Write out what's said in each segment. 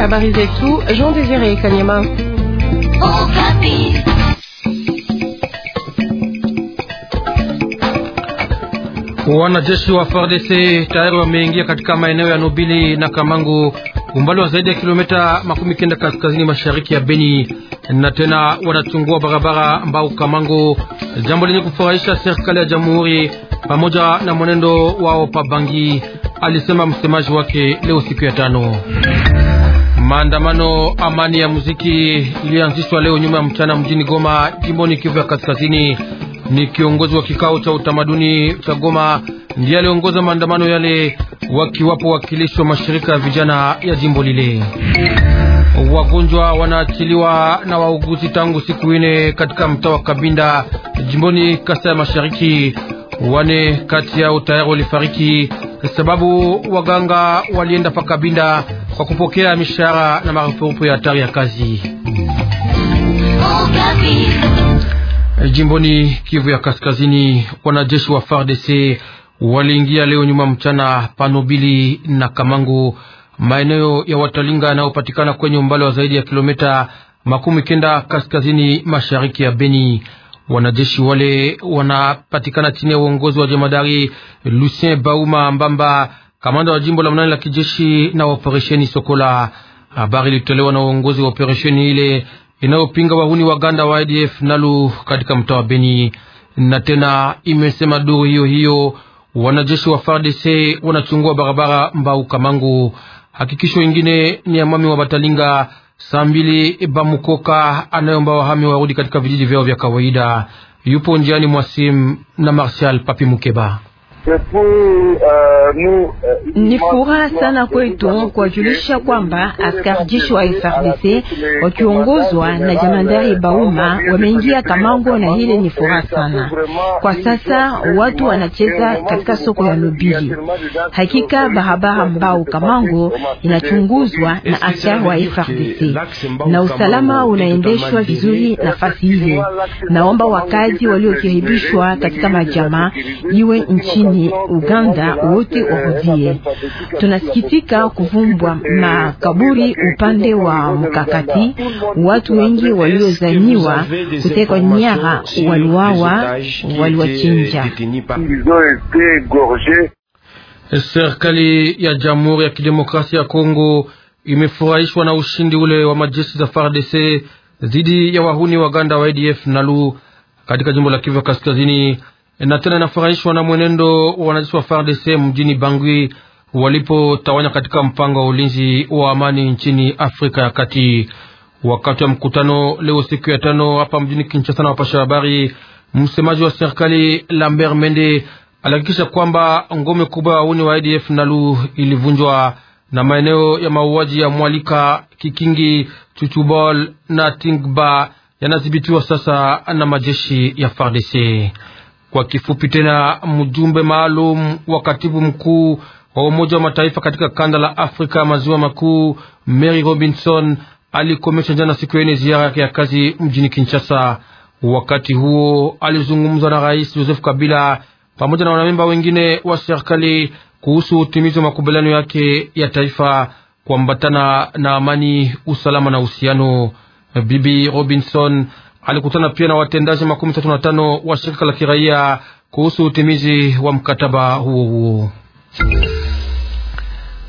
Habari zetu Jean Désiré Kanyama. Wanajeshi wa FARDC tayari wameingia katika maeneo ya Nobili na Kamango umbali wa zaidi ya kilomita makumi kenda kaskazini mashariki ya Beni, na tena wanachungua barabara Mbau Kamango, jambo lenye kufurahisha serikali ya jamhuri pamoja na mwenendo wao pa Bangi alisema msemaji wake leo siku ya tano. Maandamano amani ya muziki ilianzishwa leo nyuma ya mchana mjini Goma, jimboni Kivu ya Kaskazini. Ni kiongozi wa kikao cha utamaduni cha Goma ndiye aliongoza maandamano yale, wakiwapo wakilishi wa mashirika ya vijana ya jimbo lile. Wagonjwa wanaachiliwa na wauguzi tangu siku ine katika mtaa wa Kabinda, jimboni kasa ya Mashariki. Wane kati yao tayari walifariki sababu waganga walienda pakabinda kwa kupokea mishahara na marupurupu ya hatari ya kazi. Oh, Jimboni Kivu ya Kaskazini, wanajeshi wa FARDC waliingia leo nyuma mchana Panobili na Kamango, maeneo ya Watalinga yanayopatikana kwenye umbali wa zaidi ya kilomita makumi kenda kaskazini mashariki ya Beni. Wanajeshi wale wanapatikana chini ya uongozi wa jemadari Lucien Bauma Mbamba, kamanda wa jimbo la mnane la kijeshi na operesheni Sokola. Habari ilitolewa na uongozi wa operesheni ile inayopinga wahuni waganda wa IDF nalu katika mtaa wa Beni, na tena imesema duru hiyo hiyo wanajeshi wa FARDC wanachungua barabara Mbau Kamangu. Hakikisho ingine ni amami wa Batalinga Saa mbili Bamukoka anayomba wahami warudi katika vijiji vyao vya kawaida. Yupo njiani mwasim na Marsial Papi Mukeba. Ni furaha sana kwetu kuwajulisha kwamba askari jeshi wa FRDC wakiongozwa na jamandari Bauma wameingia Kamango, na hili ni furaha sana. Kwa sasa watu wanacheza katika soko ya Lubili. Hakika barabara mbao Kamango inachunguzwa na askari wa FRDC na usalama unaendeshwa vizuri nafasi hiyo. Naomba wakazi waliokiribishwa katika majama iwe nchini nchini Uganda wote wahudie. Tunasikitika kuvumbwa makaburi upande wa mkakati, watu wengi waliozaniwa kutekwa nyara waliwawa, waliwachinja. Serikali ya Jamhuri ya Kidemokrasia ya Kongo imefurahishwa na ushindi ule wa majeshi za FARDC dhidi ya wahuni wa uganda wa ADF Nalu katika jimbo la Kivu Kaskazini na tena inafurahishwa na mwenendo wa wanajeshi wa FARDC mjini Bangui walipotawanya katika mpango wa ulinzi wa amani nchini Afrika ya Kati. Wakati wa mkutano leo siku ya tano hapa mjini Kinshasa na wapasha habari, msemaji wa serikali Lambert Mende alihakikisha kwamba ngome kubwa ya uni wa ADF Nalu ilivunjwa na maeneo ya mauaji ya Mwalika, Kikingi, Chuchubol na Tingba yanadhibitiwa sasa na majeshi ya FARDC. Kwa kifupi tena, mjumbe maalum wa katibu mkuu wa Umoja wa Mataifa katika kanda la Afrika maziwa makuu Mary Robinson alikomesha jana siku yene ziara yake ya kazi mjini Kinshasa. Wakati huo alizungumza na Rais Joseph Kabila pamoja na wanamemba wengine wa serikali kuhusu utimizi wa makubaliano yake ya taifa kuambatana na amani, usalama na uhusiano. Bibi Robinson alikutana pia na watendaji makumi tatu na tano wa shirika la kiraia kuhusu utimizi wa mkataba huo huo.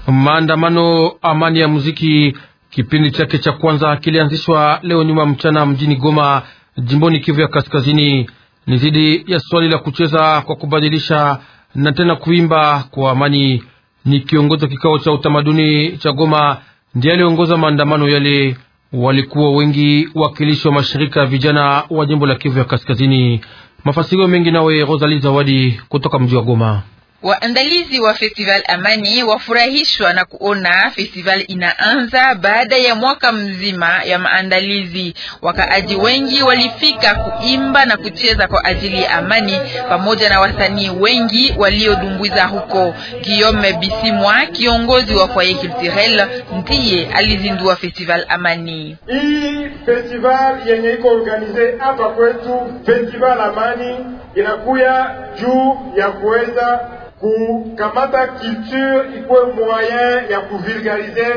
Maandamano amani ya muziki kipindi chake cha kwanza kilianzishwa leo nyuma mchana mjini Goma, jimboni Kivu ya Kaskazini. Ni zidi ya swali la kucheza kwa kubadilisha na tena kuimba kwa amani. Ni kiongozi wa kikao cha utamaduni cha Goma ndiye aliongoza maandamano yale walikuwa wengi wakilishi wa mashirika ya vijana wa jimbo la Kivu ya Kaskazini. Mafasirio mengi nawe Rosalie Zawadi kutoka mji wa Goma. Waandalizi wa Festival Amani wafurahishwa na kuona festival inaanza baada ya mwaka mzima ya maandalizi. Wakaaji wengi walifika kuimba na kucheza kwa ajili ya amani pamoja na wasanii wengi waliodumbwiza huko. Guillaume Bisimwa, kiongozi wa Foyer Culturel, ndiye alizindua Festival Amani. Hii festival yenye iko organize hapa kwetu, Festival Amani inakuya juu ya kuweza kukamata culture ikuwe moyen ya kuvulgarize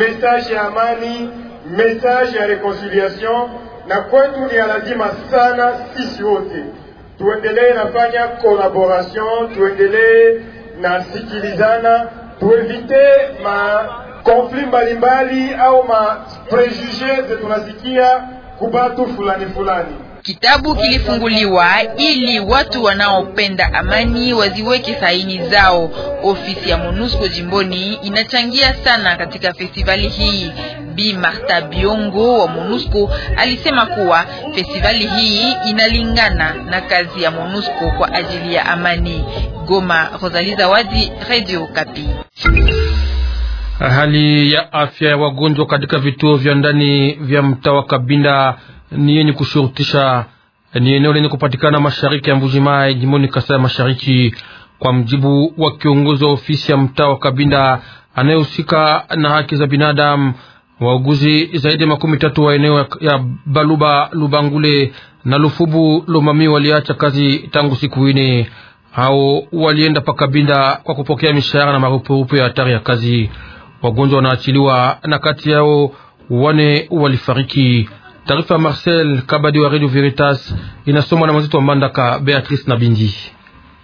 message ya amani, message ya reconciliation, na kwetu ni ya lazima sana sisi wote tuendelee nafanya collaboration, tuendelee na sikilizana, tuevite ma conflit mbalimbali au ma prejuge zetunasikia kubatu fulani fulani. Kitabu kilifunguliwa ili watu wanaopenda amani waziweke saini zao. Ofisi ya MONUSCO jimboni inachangia sana katika festivali hii. Bi marta Biongo wa MONUSCO alisema kuwa festivali hii inalingana na kazi ya MONUSCO kwa ajili ya amani. Goma, Rosalie Zawadi, Radio Kapi. Hali ya afya ya wagonjwa katika vituo vya ndani vya mtaa wa Kabinda ni yenye kushurutisha ni eneo lenye kupatikana mashariki ya Mbujimai jimboni Kasai Mashariki, kwa mjibu wa kiongozi wa ofisi ya mtaa wa Kabinda anayehusika na haki za binadamu. Wauguzi zaidi ya makumi tatu wa eneo ya Baluba, Lubangule na Lufubu Lomami waliacha kazi tangu siku ine. Hao walienda pa Kabinda kwa kupokea mishahara na marupurupu ya hatari ya kazi. Wagonjwa wanaachiliwa na kati yao wane walifariki. Taarifa ya Marcel Kabadi wa Radio Veritas inasomwa na mwenzetu wa Mbandaka Beatrice Nabindi.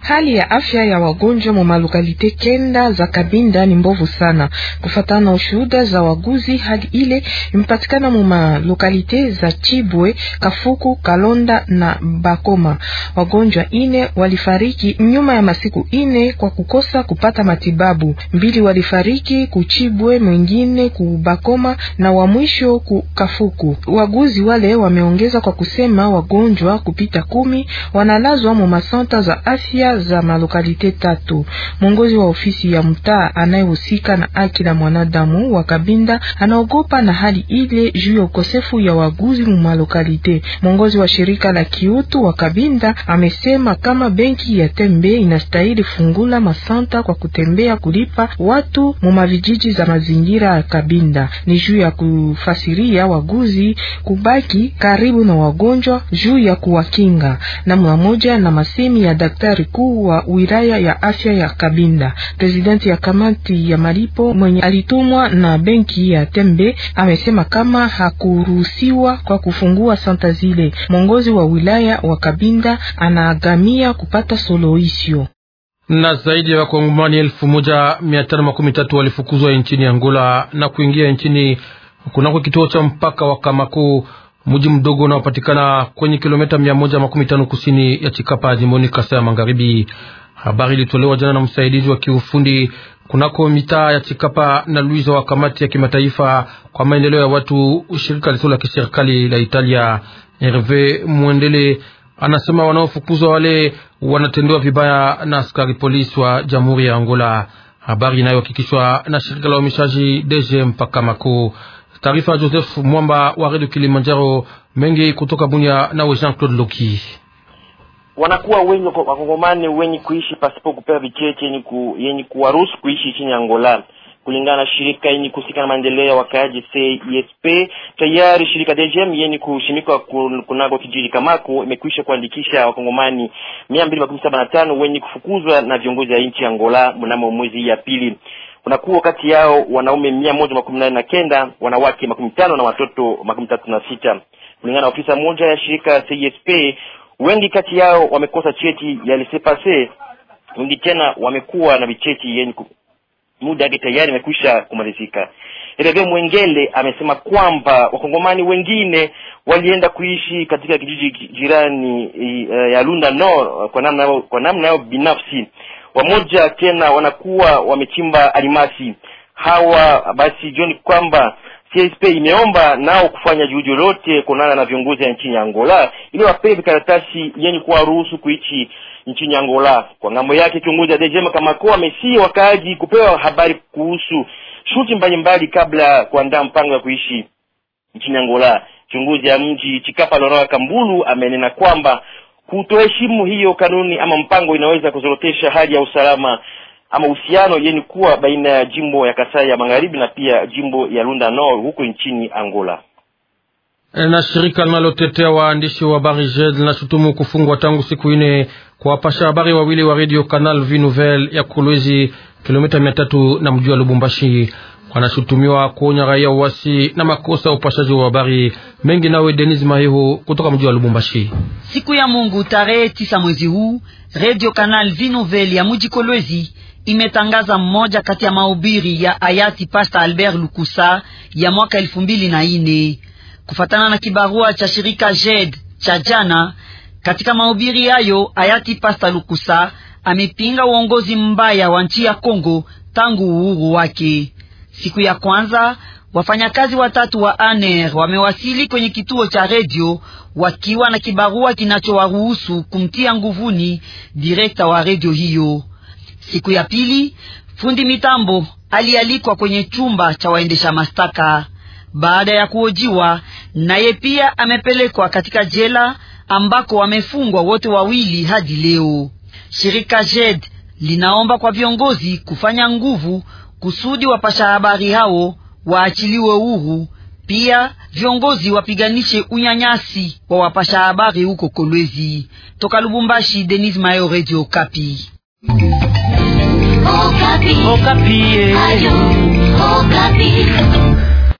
Hali ya afya ya wagonjwa mu malokalite kenda za Kabinda ni mbovu sana. Kufatana ushuhuda za waguzi, hali ile imepatikana mu malokalite za Chibwe, Kafuku, Kalonda na Bakoma. Wagonjwa ine walifariki nyuma ya masiku ine kwa kukosa kupata matibabu. Mbili walifariki kuchibwe, mwingine kubakoma na wa mwisho kukafuku. Waguzi wale wameongeza kwa kusema wagonjwa kupita kumi wanalazwa mu masanta za afya za malokalite tatu. Mwongozi wa ofisi ya mtaa anayehusika na haki la mwanadamu wa Kabinda anaogopa na hali ile juu ya ukosefu ya waguzi mu malokalite Mwongozi wa shirika la kiutu wa Kabinda amesema kama benki ya Tembe inastahili fungula masanta kwa kutembea kulipa watu mu mavijiji za mazingira ya Kabinda, ni juu ya kufasiria waguzi kubaki karibu na wagonjwa juu ya kuwakinga namna moja na masemi ya daktari mkuu wa wilaya ya afya ya Kabinda. Presidenti ya kamati ya malipo mwenye alitumwa na benki ya Tembe amesema kama hakuruhusiwa kwa kufungua santa zile. Mwongozi wa wilaya wa Kabinda anaagamia kupata suluhisho na zaidi ya wakongomani elfu moja mia tano makumi tatu walifukuzwa nchini Angola na kuingia nchini kunako kituo cha mpaka wa Kamakuu mji mdogo unaopatikana kwenye kilomita mia moja makumi tano kusini ya Chikapa, jimboni Kasa ya Magharibi. Habari ilitolewa jana na msaidizi wa kiufundi kunako mitaa ya Chikapa na Luiza wa kamati ya kimataifa kwa maendeleo ya watu, shirika lisilo la kiserikali la Italia Herve Mwendele anasema wanaofukuzwa wale wanatendewa vibaya na askari polisi wa jamhuri ya Angola. Habari inayohakikishwa na shirika la uhamishaji DG mpaka Makuu. Taarifa Joseph Mwamba wa redio Kilimanjaro, mengi kutoka Bunya nawe Jean Claude Loki wanakuwa wenye wakongomani wenye kuishi pasipo kupewa vicheti yenye, ku, yenye kuwaruhusu kuishi chini ya Angola kulingana na shirika yenye kuhusika na maendeleo ya wakaaji cesp Tayari shirika DGM yenye kushimika kunago kijiji Kamako imekwisha kuandikisha wakongomani mia mbili makumi saba na tano wenye kufukuzwa na viongozi ya nchi ya Angola mnamo mwezi ya pili unakuwa kati yao wanaume mia moja makumi nane na kenda wanawake makumi tano na watoto makumi tatu na sita kulingana na ofisa moja ya shirika CSP. Wengi kati yao wamekosa cheti ya lesepase wengi tena wamekuwa na vicheti yenye muda yake tayari imekwisha kumalizika. Herve Mwengele amesema kwamba wakongomani wengine walienda kuishi katika kijiji jirani eh, ya Lunda nor kwa namna kwa namna yao binafsi wamoja tena wanakuwa wamechimba alimasi. Hawa basi jioni kwamba CSP imeomba nao kufanya juhudi lote kuonana na viongozi ya nchini Angola ili wapee vikaratasi yenye kuwaruhusu kuichi nchini Angola. Kwa ngambo yake, kiongozi wa DGM kama kwa amesii wakaaji kupewa habari kuhusu shuti mbalimbali kabla ya kuandaa mpango ya kuishi nchini Angola. Kiongozi ya mji Chikapa Lora Kambulu amenena kwamba Kutoheshimu hiyo kanuni ama mpango inaweza kuzorotesha hali ya usalama ama uhusiano yenye kuwa baina ya jimbo ya Kasai ya Magharibi na pia jimbo ya Lunda Nord huko nchini Angola. Eh, na shirika linalotetea waandishi wa habari JED linashutumu kufungwa tangu siku ine kwa wapasha habari wawili wa Radio Canal V Nouvelle ya Kolwezi, kilomita mia tatu na mji wa Lubumbashi wanashutumiwa kuonya raia uasi na makosa ya upashaji wa habari mengi. Nawe Denis Mahihu kutoka mji wa Lubumbashi. Siku ya Mungu tarehe tisa mwezi huu, Radio Canal Vinovel ya muji Kolwezi imetangaza mmoja kati ya mahubiri ya hayati Pasta Albert Lukusa ya mwaka elfu mbili na ine kufatana na kibarua cha shirika JED cha jana. Katika mahubiri hayo hayati Pasta Lukusa amepinga uongozi mbaya wa nchi ya Kongo tangu uhuru wake. Siku ya kwanza wafanyakazi watatu wa ANER wamewasili kwenye kituo cha redio wakiwa na kibarua kinachowaruhusu kumtia nguvuni direkta wa redio hiyo. Siku ya pili, fundi mitambo alialikwa kwenye chumba cha waendesha mashtaka. Baada ya kuojiwa, naye pia amepelekwa katika jela ambako wamefungwa wote wawili hadi leo. Shirika JED linaomba kwa viongozi kufanya nguvu kusudi wapasha habari hao waachiliwe uhu, pia viongozi wapiganishe unyanyasi wa wapasha habari huko Kolwezi. Toka Lubumbashi, Denis Mayo, Radio Okapi. Okapi. Okapi. Eh. Ayu, Okapi.